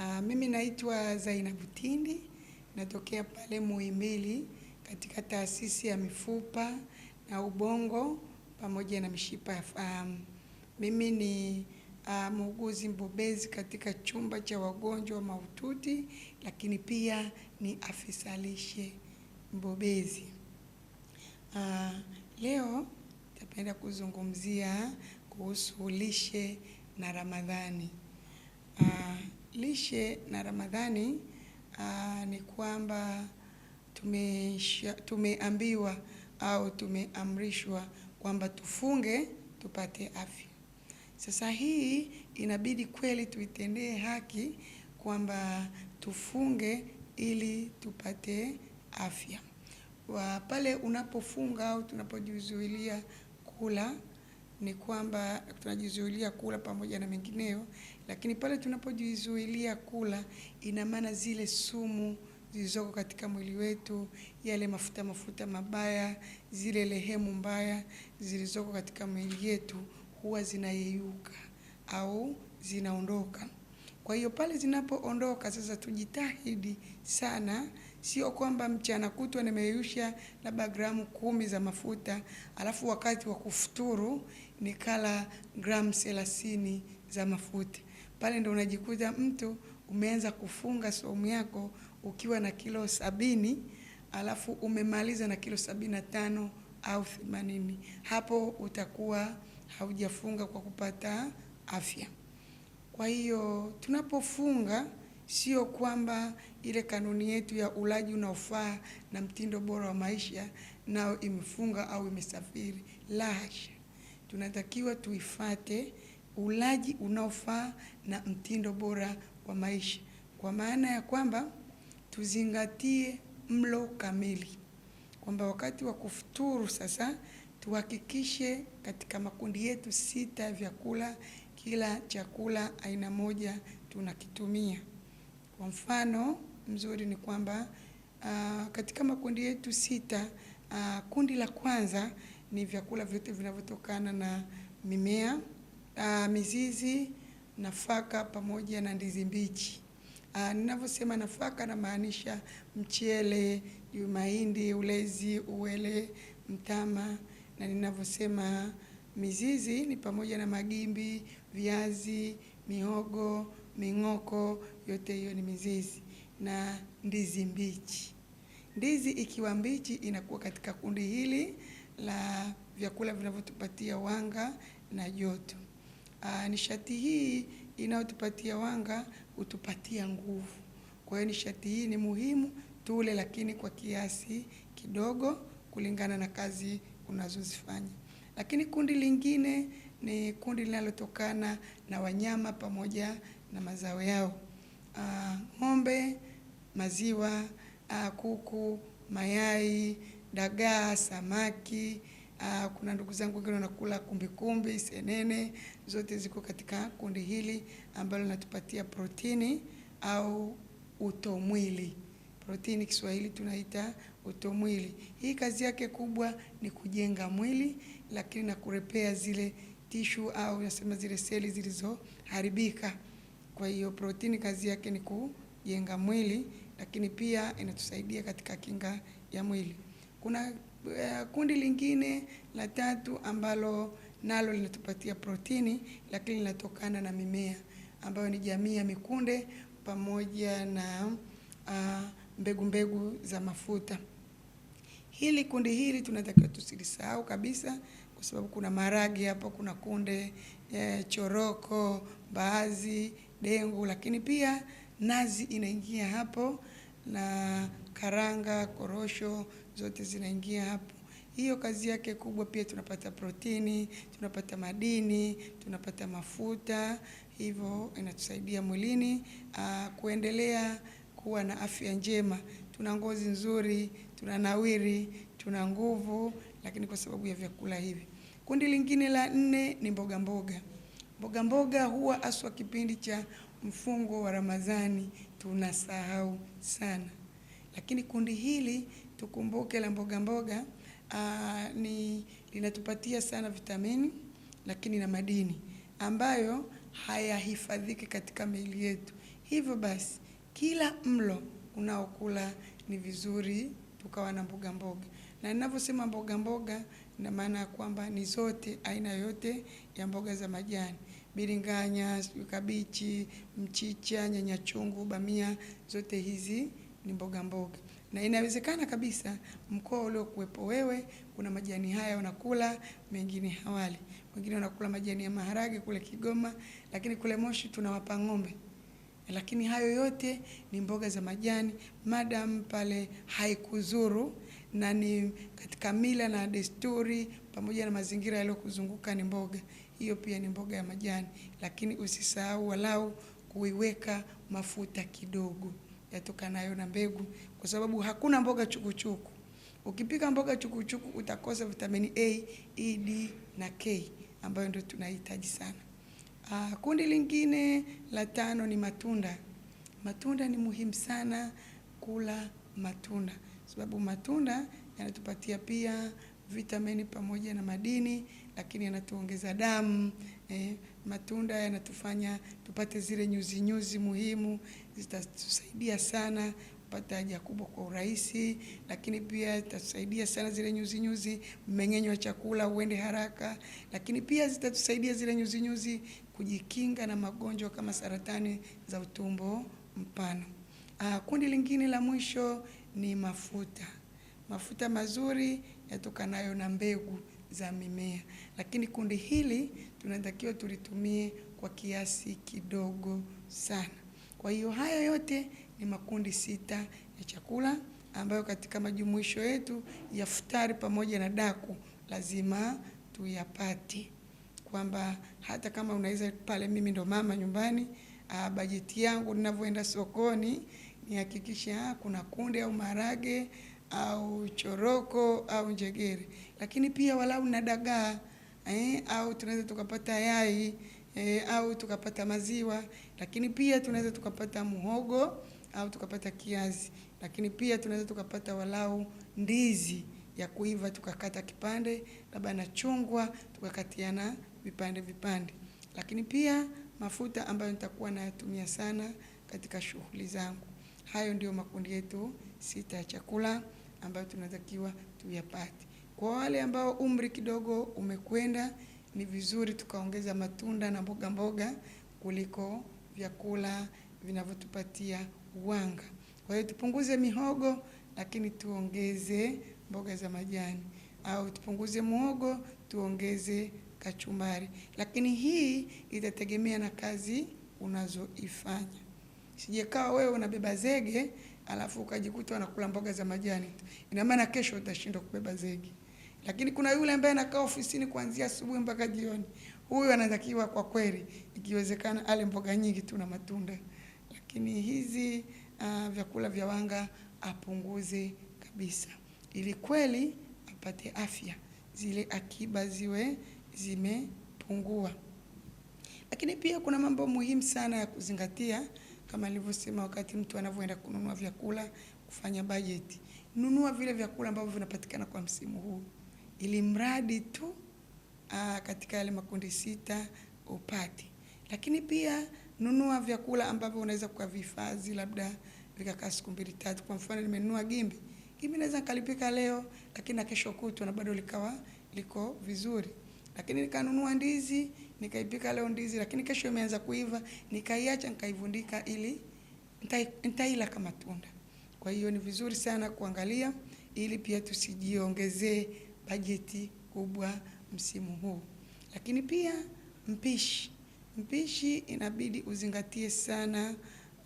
Uh, mimi naitwa Zainabu Tindi natokea pale Muhimbili katika taasisi ya mifupa na ubongo pamoja na mishipa ya fahamu. Mimi ni uh, muuguzi mbobezi katika chumba cha wagonjwa mahututi, lakini pia ni afisa lishe mbobezi. Uh, leo tapenda kuzungumzia kuhusu lishe na Ramadhani. Uh, lishe na Ramadhani uh, ni kwamba tumesha, tumeambiwa au tumeamrishwa kwamba tufunge tupate afya. Sasa hii inabidi kweli tuitendee haki kwamba tufunge ili tupate afya. Wa pale unapofunga au tunapojizuilia kula ni kwamba tunajizuilia kula pamoja na mengineo, lakini pale tunapojizuilia kula, ina maana zile sumu zilizoko katika mwili wetu, yale mafuta mafuta mabaya, zile lehemu mbaya zilizoko katika mwili yetu huwa zinayeyuka au zinaondoka. Kwa hiyo pale zinapoondoka sasa, tujitahidi sana, sio kwamba mchana kutwa nimeyeyusha labda gramu kumi za mafuta, alafu wakati wa kufuturu ni kala gramu thelathini za mafuta. Pale ndo unajikuta mtu umeanza kufunga somu yako ukiwa na kilo sabini alafu umemaliza na kilo sabini na tano au themanini. Hapo utakuwa haujafunga kwa kupata afya. Kwa hiyo tunapofunga sio kwamba ile kanuni yetu ya ulaji unaofaa na mtindo bora wa maisha nao imefunga au imesafiri, la hasha tunatakiwa tuifate ulaji unaofaa na mtindo bora wa maisha, kwa maana ya kwamba tuzingatie mlo kamili, kwamba wakati wa kufuturu sasa tuhakikishe katika makundi yetu sita ya vyakula kila chakula aina moja tunakitumia. Kwa mfano mzuri ni kwamba uh, katika makundi yetu sita uh, kundi la kwanza ni vyakula vyote vinavyotokana na mimea uh, mizizi, nafaka pamoja na ndizi mbichi. Ah, ninavyosema nafaka, namaanisha mchele, mahindi, ulezi, uwele, mtama, na ninavyosema mizizi ni pamoja na magimbi, viazi, mihogo, ming'oko, yote hiyo ni mizizi na ndizi mbichi. Ndizi ikiwa mbichi inakuwa katika kundi hili la vyakula vinavyotupatia wanga na joto. Aa, ah, nishati hii inayotupatia wanga hutupatia nguvu. Kwa hiyo nishati hii ni muhimu tule, lakini kwa kiasi kidogo kulingana na kazi unazozifanya. Lakini kundi lingine ni kundi linalotokana na wanyama pamoja na mazao yao. Ah, ng'ombe, maziwa, aa, ah, kuku, mayai dagaa, samaki. Uh, kuna ndugu zangu wengine wanakula kumbikumbi, senene, zote ziko katika kundi hili ambalo linatupatia protini au utomwili. Protini Kiswahili tunaita utomwili. Hii kazi yake kubwa ni kujenga mwili, lakini na kurepea zile tishu au nasema zile seli zilizoharibika. Kwa hiyo protini kazi yake ni kujenga mwili, lakini pia inatusaidia katika kinga ya mwili. Kuna uh, kundi lingine la tatu ambalo nalo linatupatia protini, lakini linatokana na mimea ambayo ni jamii ya mikunde pamoja na ah, mbegu uh, mbegu za mafuta. Hili kundi hili tunatakiwa tusilisahau kabisa, kwa sababu kuna maragi hapo, kuna kunde eh, choroko, mbaazi, dengu, lakini pia nazi inaingia hapo na karanga, korosho, zote zinaingia hapo. Hiyo kazi yake kubwa, pia tunapata protini, tunapata madini, tunapata mafuta, hivyo inatusaidia mwilini uh, kuendelea kuwa na afya njema. Tuna ngozi nzuri, tuna nawiri, tuna nguvu, lakini kwa sababu ya vyakula hivi. Kundi lingine la nne ni mboga mboga. Mboga mboga huwa aswa kipindi cha mfungo wa Ramadhani tunasahau sana, lakini kundi hili tukumbuke la mboga mboga aa, ah, ni linatupatia sana vitamini lakini na madini ambayo hayahifadhiki katika miili yetu. Hivyo basi kila mlo unaokula ni vizuri tukawa na mboga mboga, na ninavyosema mboga mboga na maana ya kwamba ni zote aina yote ya mboga za majani, biringanya, kabichi, mchicha, nyanya chungu, bamia, zote hizi ni mboga mboga na inawezekana kabisa mkoa uliokuwepo wewe kuna majani haya wanakula, mengine hawali. Wengine wanakula majani ya maharage kule Kigoma, lakini kule Moshi tunawapa ng'ombe. Lakini hayo yote ni mboga za majani, madam pale haikuzuru na ni katika mila na desturi pamoja na mazingira yaliyokuzunguka ni mboga. Hiyo pia ni mboga ya majani, lakini usisahau walau kuiweka mafuta kidogo yatokanayo na mbegu, kwa sababu hakuna mboga chukuchuku. Ukipika mboga chukuchuku utakosa vitamini A, E, D na K ambayo ndio tunahitaji sana. Ah, kundi lingine la tano ni matunda. Matunda ni muhimu sana kula matunda, sababu matunda yanatupatia pia vitamini pamoja na madini, lakini yanatuongeza damu eh. Matunda yanatufanya tupate zile nyuzinyuzi muhimu zitatusaidia sana kupata haja kubwa kwa urahisi, lakini pia zitatusaidia sana zile nyuzi nyuzi, mmeng'enyo wa chakula uende haraka, lakini pia zitatusaidia zile nyuzi nyuzi kujikinga na magonjwa kama saratani za utumbo mpana. Aa, ah, kundi lingine la mwisho ni mafuta. Mafuta mazuri yatokanayo na mbegu za mimea, lakini kundi hili tunatakiwa tulitumie kwa kiasi kidogo sana. Kwa hiyo haya yote ni makundi sita ya chakula ambayo katika majumuisho yetu ya futari pamoja na daku lazima tuyapate, kwamba hata kama unaweza pale, mimi ndo mama nyumbani, ah, bajeti yangu ninavyoenda sokoni nihakikisha ah, kuna kunde au maharage au choroko au njegere, lakini pia walau na dagaa eh, au tunaweza tukapata yai e, au tukapata maziwa, lakini pia tunaweza tukapata muhogo au tukapata kiazi, lakini pia tunaweza tukapata walau ndizi ya kuiva tukakata kipande labda na chungwa tukakatiana vipande vipande, lakini pia mafuta ambayo nitakuwa nayatumia sana katika shughuli zangu. Hayo ndiyo makundi yetu sita ya chakula ambayo tunatakiwa tuyapate. Kwa wale ambao umri kidogo umekwenda ni vizuri tukaongeza matunda na mboga mboga kuliko vyakula vinavyotupatia wanga. Kwa hiyo tupunguze mihogo, lakini tuongeze mboga za majani, au tupunguze muhogo tuongeze kachumbari, lakini hii itategemea na kazi unazoifanya. Sijekaa wewe unabeba zege alafu ukajikuta unakula mboga za majani ina maana kesho utashindwa kubeba zege. Lakini kuna yule ambaye anakaa ofisini kuanzia asubuhi mpaka jioni, huyu anatakiwa kwa kweli, ikiwezekana ale mboga nyingi tu na matunda, lakini hizi uh, vyakula vya wanga apunguze kabisa, ili kweli apate afya, zile akiba ziwe zimepungua. Lakini pia kuna mambo muhimu sana ya kuzingatia, kama nilivyosema, wakati mtu anavyoenda kununua vyakula, kufanya bajeti, nunua vile vyakula ambavyo vinapatikana kwa msimu huu ili mradi tu aa, ah, katika yale makundi sita upate. Lakini pia nunua vyakula ambavyo unaweza kuvihifadhi labda vikakaa siku mbili tatu. Kwa mfano nimenunua gimbi, gimbi naweza nikalipika leo, lakini na kesho kutwa na bado likawa liko vizuri. Lakini nikanunua ndizi nikaipika leo ndizi, lakini kesho imeanza kuiva, nikaiacha nikaivundika ili nitaila kama tunda. Kwa hiyo ni vizuri sana kuangalia ili pia tusijiongezee bajeti kubwa msimu huu. Lakini pia mpishi, mpishi inabidi uzingatie sana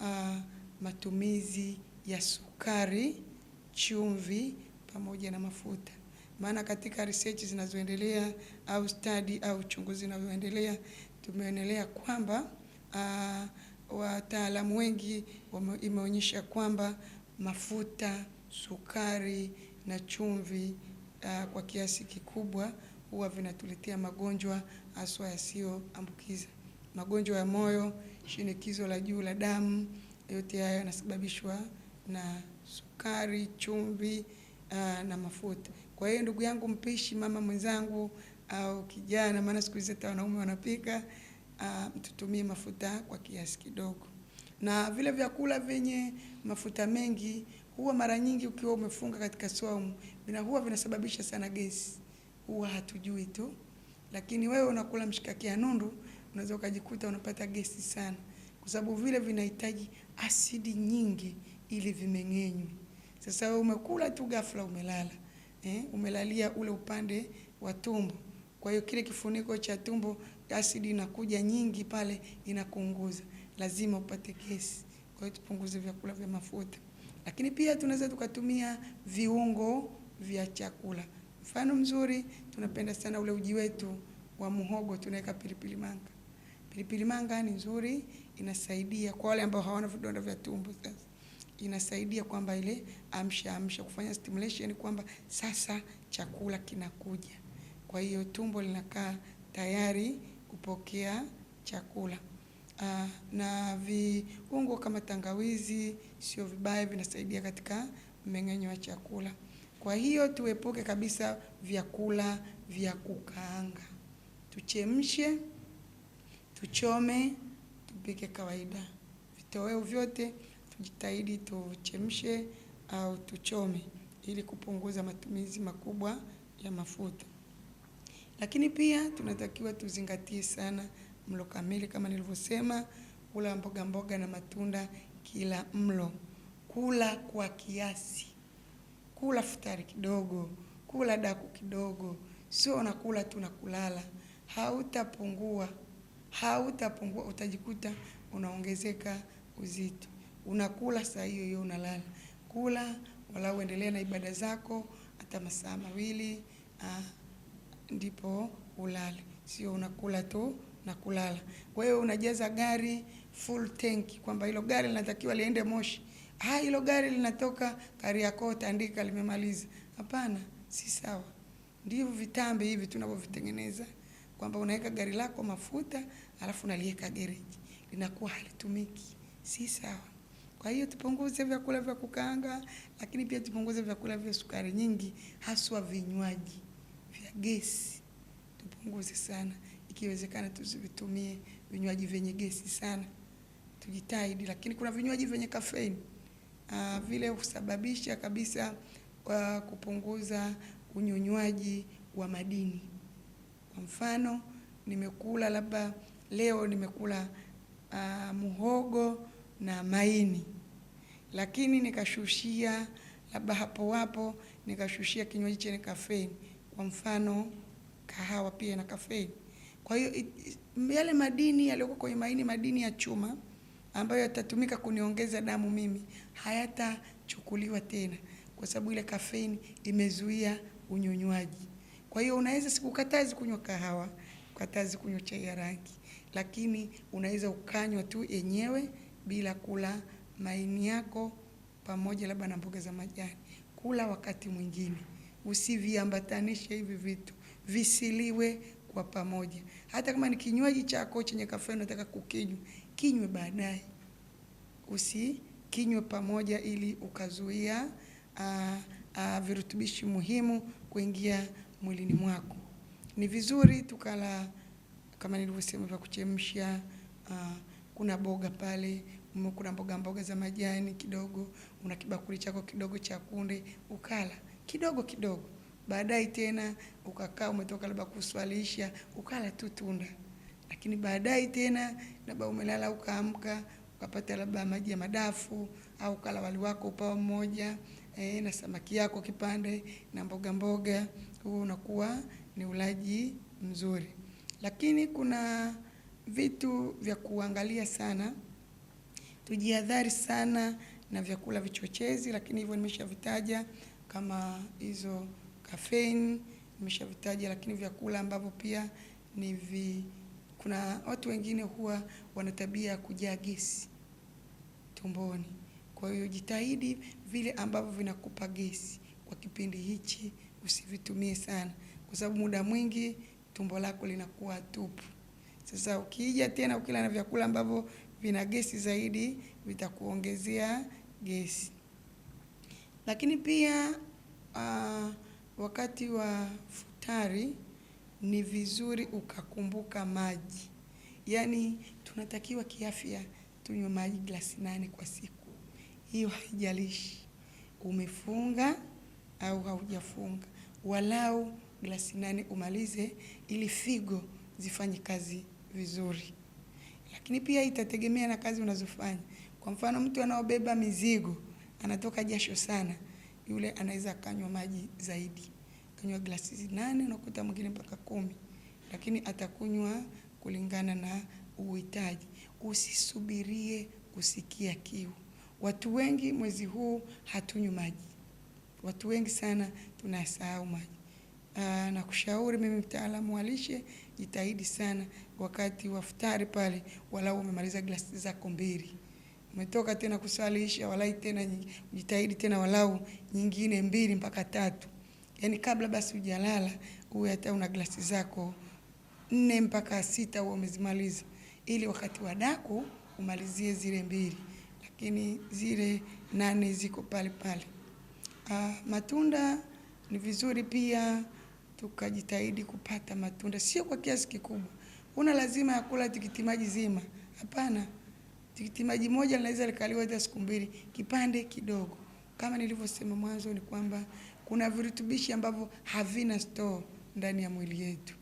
uh, matumizi ya sukari, chumvi pamoja na mafuta, maana katika research zinazoendelea au study au uchunguzi unaoendelea tumeonelea kwamba uh, wataalamu wengi imeonyesha kwamba mafuta, sukari na chumvi uh, kwa kiasi kikubwa huwa vinatuletea magonjwa haswa yasiyoambukiza, magonjwa ya moyo, shinikizo la juu la damu. Yote haya yanasababishwa na sukari, chumvi uh, na mafuta. Kwa hiyo ndugu yangu mpishi, mama mwenzangu au uh, kijana, maana siku hizi hata wanaume wanapika uh, mtutumie mafuta kwa kiasi kidogo, na vile vyakula vyenye mafuta mengi huwa mara nyingi ukiwa umefunga katika somu vina huwa vinasababisha sana gesi, huwa hatujui tu, lakini wewe unakula mshikaki ya nundu unaweza ukajikuta unapata gesi sana, kwa sababu vile vinahitaji asidi nyingi ili vimeng'enywe. Sasa wewe umekula tu ghafla, umelala eh, umelalia ule upande wa tumbo, kwa hiyo kile kifuniko cha tumbo asidi inakuja nyingi pale, inakuunguza, lazima upate gesi. Kwa hiyo tupunguze vyakula vya mafuta, lakini pia tunaweza tukatumia viungo vya chakula. Mfano mzuri tunapenda sana ule uji wetu wa muhogo, tunaweka pilipili manga. Pilipili manga ni nzuri, inasaidia kwa wale ambao hawana vidonda vya tumbo. Sasa inasaidia kwamba ile amsha amsha, kufanya stimulation kwamba sasa chakula kinakuja, kwa hiyo tumbo linakaa tayari kupokea chakula. Aa, ah, na viungo kama tangawizi sio vibaya, vinasaidia katika mmeng'enyo wa chakula. Kwa hiyo tuepuke kabisa vyakula vya kukaanga, tuchemshe, tuchome, tupike kawaida. Vitoweo vyote tujitahidi tuchemshe au tuchome ili kupunguza matumizi makubwa ya mafuta. Lakini pia tunatakiwa tuzingatie sana mlo kamili, kama nilivyosema, kula mboga mboga na matunda kila mlo, kula kwa kiasi kula futari kidogo, kula daku kidogo, sio unakula tu na kulala. Hautapungua, hautapungua, utajikuta unaongezeka uzito. Unakula saa hiyo hiyo unalala. Kula wala uendelee na ibada zako hata masaa mawili ah, ndipo ulale, sio unakula tu na kulala. Kwa hiyo unajaza gari full tank, kwamba hilo gari linatakiwa liende Moshi ah, hilo gari linatoka Kariakoo Tandika, limemaliza. Hapana, si sawa. Ndivyo vitambe hivi tunavyovitengeneza kwamba unaweka gari lako mafuta alafu unaliweka gereji, linakuwa halitumiki, si sawa. Kwa hiyo tupunguze vyakula vya kukaanga, lakini pia tupunguze vyakula vya sukari nyingi, haswa vinywaji vya gesi tupunguze sana, ikiwezekana tusivitumie vinywaji vyenye gesi sana, tujitahidi. Lakini kuna vinywaji vyenye kafeini uh, vile husababisha kabisa uh, kupunguza unyonywaji wa madini. Kwa mfano, nimekula labda leo nimekula uh, muhogo na maini, lakini nikashushia labda hapo wapo nikashushia kinywaji chenye kafeini, kwa mfano kahawa pia na kafeini. Kwa hiyo yale madini yaliyokuwa kwenye maini, madini ya chuma ambayo yatatumika kuniongeza damu mimi hayatachukuliwa tena, kwa sababu ile kafeini imezuia unyonywaji. Kwa hiyo unaweza sikukatazi kunywa kahawa, ukatazi kunywa chai ya rangi, lakini unaweza ukanywa tu yenyewe bila kula maini yako pamoja labda na mboga za majani. Kula wakati mwingine, usiviambatanishe hivi vitu, visiliwe kwa pamoja. Hata kama ni kinywaji chako chenye kafeini unataka kukinywa kinywe baadaye, usikinywe pamoja, ili ukazuia a, a, virutubishi muhimu kuingia mwilini mwako. Ni vizuri tukala kama nilivyosema, vya kuchemsha. Kuna boga pale, kuna mboga mboga za majani kidogo, una kibakuli chako kidogo cha kunde, ukala kidogo kidogo, baadaye tena ukakaa umetoka labda kuswalisha, ukala tu tunda lakini baadaye tena labda umelala ukaamka ukapata labda maji ya madafu au kala wali wako upawa mmoja e, na samaki yako kipande na mboga mboga, huo unakuwa ni ulaji mzuri. Lakini kuna vitu vya kuangalia sana, tujihadhari sana na vyakula vichochezi, lakini hivyo nimeshavitaja kama hizo kafeini nimeshavitaja, lakini vyakula ambavyo pia ni vi kuna watu wengine huwa wana tabia ya kujaa gesi tumboni, kwa hiyo jitahidi vile ambavyo vinakupa gesi kwa kipindi hichi usivitumie sana, kwa sababu muda mwingi tumbo lako linakuwa tupu. Sasa ukija tena ukila na vyakula ambavyo vina gesi zaidi vitakuongezea gesi. Lakini pia uh, wakati wa futari ni vizuri ukakumbuka maji. Yaani tunatakiwa kiafya tunywe maji glasi nane kwa siku, hiyo haijalishi umefunga au haujafunga, walau glasi nane umalize, ili figo zifanye kazi vizuri. Lakini pia itategemea na kazi unazofanya. Kwa mfano, mtu anaobeba mizigo anatoka jasho sana, yule anaweza akanywa maji zaidi atakunywa glasi nane, unakuta mwingine mpaka kumi, lakini atakunywa kulingana na uhitaji. Usisubirie kusikia kiu. Watu wengi mwezi huu hatunywi maji, watu wengi sana tunasahau maji. Aa, ah, na kushauri mimi mtaalamu wa lishe, jitahidi sana wakati wa futari pale, walau umemaliza glasi zako mbili, umetoka tena kuswalisha walai tena jitahidi tena walau nyingine mbili mpaka tatu yani kabla basi hujalala uwe hata una glasi zako nne mpaka sita huwa umezimaliza, ili wakati wa daku umalizie zile mbili, lakini zile nane ziko pale pale. Ah, matunda ni vizuri pia tukajitahidi kupata matunda, sio kwa kiasi kikubwa. Una lazima ya kula tikiti maji zima, hapana. Tikiti maji moja linaweza likaliwa hata siku mbili, kipande kidogo. Kama nilivyosema mwanzo ni kwamba kuna virutubishi ambavyo havina store ndani ya mwili yetu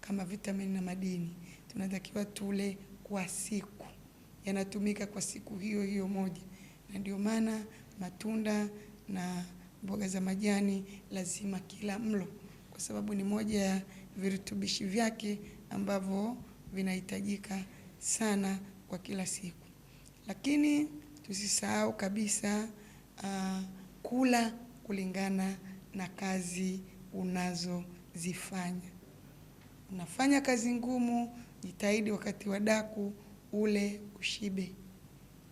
kama vitamini na madini, tunatakiwa tule kwa siku, yanatumika kwa siku hiyo hiyo moja, na ndio maana matunda na mboga za majani lazima kila mlo, kwa sababu ni moja ya virutubishi vyake ambavyo vinahitajika sana kwa kila siku. Lakini tusisahau kabisa, uh, kula kulingana na kazi unazozifanya. Unafanya kazi ngumu, jitahidi wakati wa daku ule ushibe.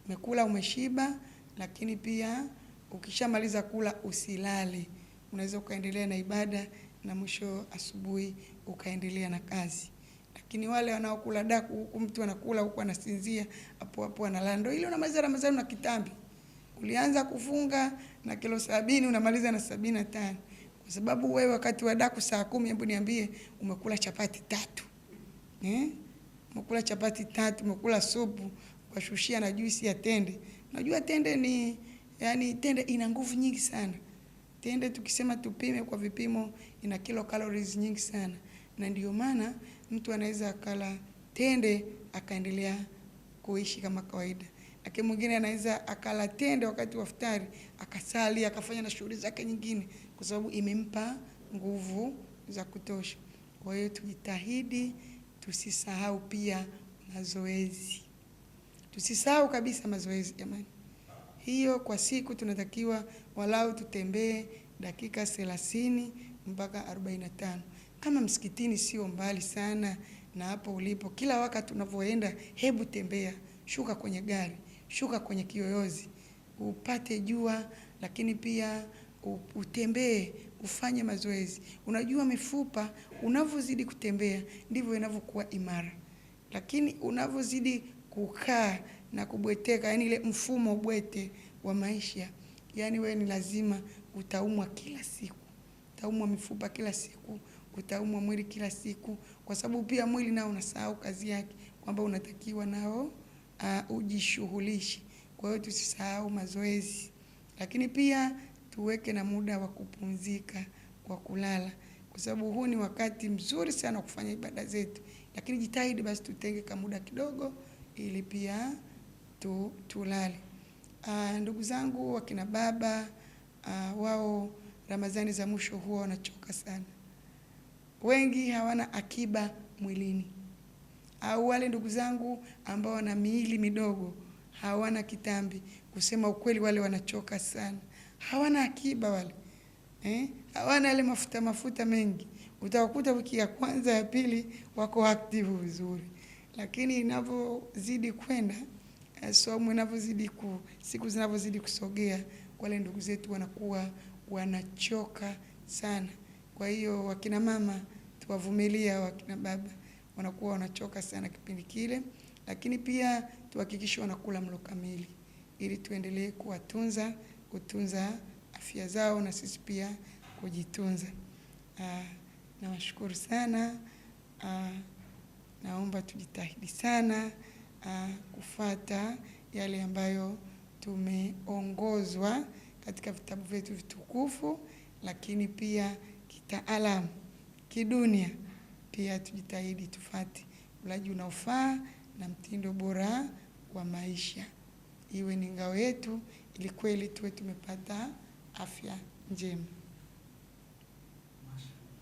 Umekula umeshiba, lakini pia ukishamaliza kula usilale, unaweza ukaendelea na ibada na mwisho asubuhi ukaendelea na kazi. Lakini wale wanaokula daku, huku mtu anakula huku anasinzia, hapo hapo analala, ndio ile unamaliza Ramadhani na kitambi ulianza kufunga na kilo sabini unamaliza na sabini na tano kwa sababu wewe wakati wa daku saa kumi, hebu niambie, umekula chapati tatu eh? umekula chapati tatu, umekula supu ukashushia na juisi ya tende. najua tende ni yani, tende ina nguvu nyingi sana. Tende tukisema tupime kwa vipimo, ina kilo calories nyingi sana, na ndio maana mtu anaweza akala tende akaendelea kuishi kama kawaida lakini mwingine anaweza akala tende wakati wa iftari akasali akafanya na shughuli zake nyingine, kwa sababu imempa nguvu za kutosha. Kwa hiyo tujitahidi, tusisahau pia mazoezi, tusisahau kabisa mazoezi jamani. Hiyo kwa siku tunatakiwa walau tutembee dakika 30 mpaka 45. Kama msikitini sio mbali sana na hapo ulipo, kila wakati unavyoenda, hebu tembea, shuka kwenye gari shuka kwenye kiyoyozi upate jua, lakini pia utembee, ufanye mazoezi. Unajua mifupa unavyozidi kutembea ndivyo inavyokuwa imara, lakini unavyozidi kukaa na kubweteka, yani ile mfumo bwete wa maisha, yani wewe ni lazima utaumwa kila siku, utaumwa mifupa kila siku, utaumwa mwili kila siku, kwa sababu pia mwili nao unasahau kazi yake kwamba unatakiwa nao uh, ujishughulishe. Kwa hiyo tusisahau mazoezi, lakini pia tuweke na muda wa kupumzika kwa kulala, kwa sababu huu ni wakati mzuri sana wa kufanya ibada zetu, lakini jitahidi basi tutenge kama muda kidogo ili pia tu, tulale. Uh, ndugu zangu wakina baba uh, wao Ramadhani za mwisho huwa wanachoka sana, wengi hawana akiba mwilini au wale ndugu zangu ambao wana miili midogo hawana kitambi. Kusema ukweli, wale wanachoka sana, hawana akiba wale eh? hawana yale mafuta mafuta mengi. Utawakuta wiki ya kwanza ya pili wako active vizuri, lakini inavyozidi kwenda eh, somo inavyozidi ku siku zinavyozidi kusogea, wale ndugu zetu wanakuwa wanachoka sana. Kwa hiyo wakina mama tuwavumilia, wakina baba wanakuwa wanachoka sana kipindi kile, lakini pia tuhakikishe wanakula mlo kamili ili tuendelee kuwatunza, kutunza afya zao na sisi pia kujitunza. Aa, ah, nawashukuru sana. Aa, ah, naomba tujitahidi sana aa, ah, kufata yale ambayo tumeongozwa katika vitabu vyetu vitukufu, lakini pia kitaalamu, kidunia pia tujitahidi tufati ulaji unaofaa na mtindo bora wa maisha, iwe ni ngao yetu ili kweli tuwe tumepata afya njema.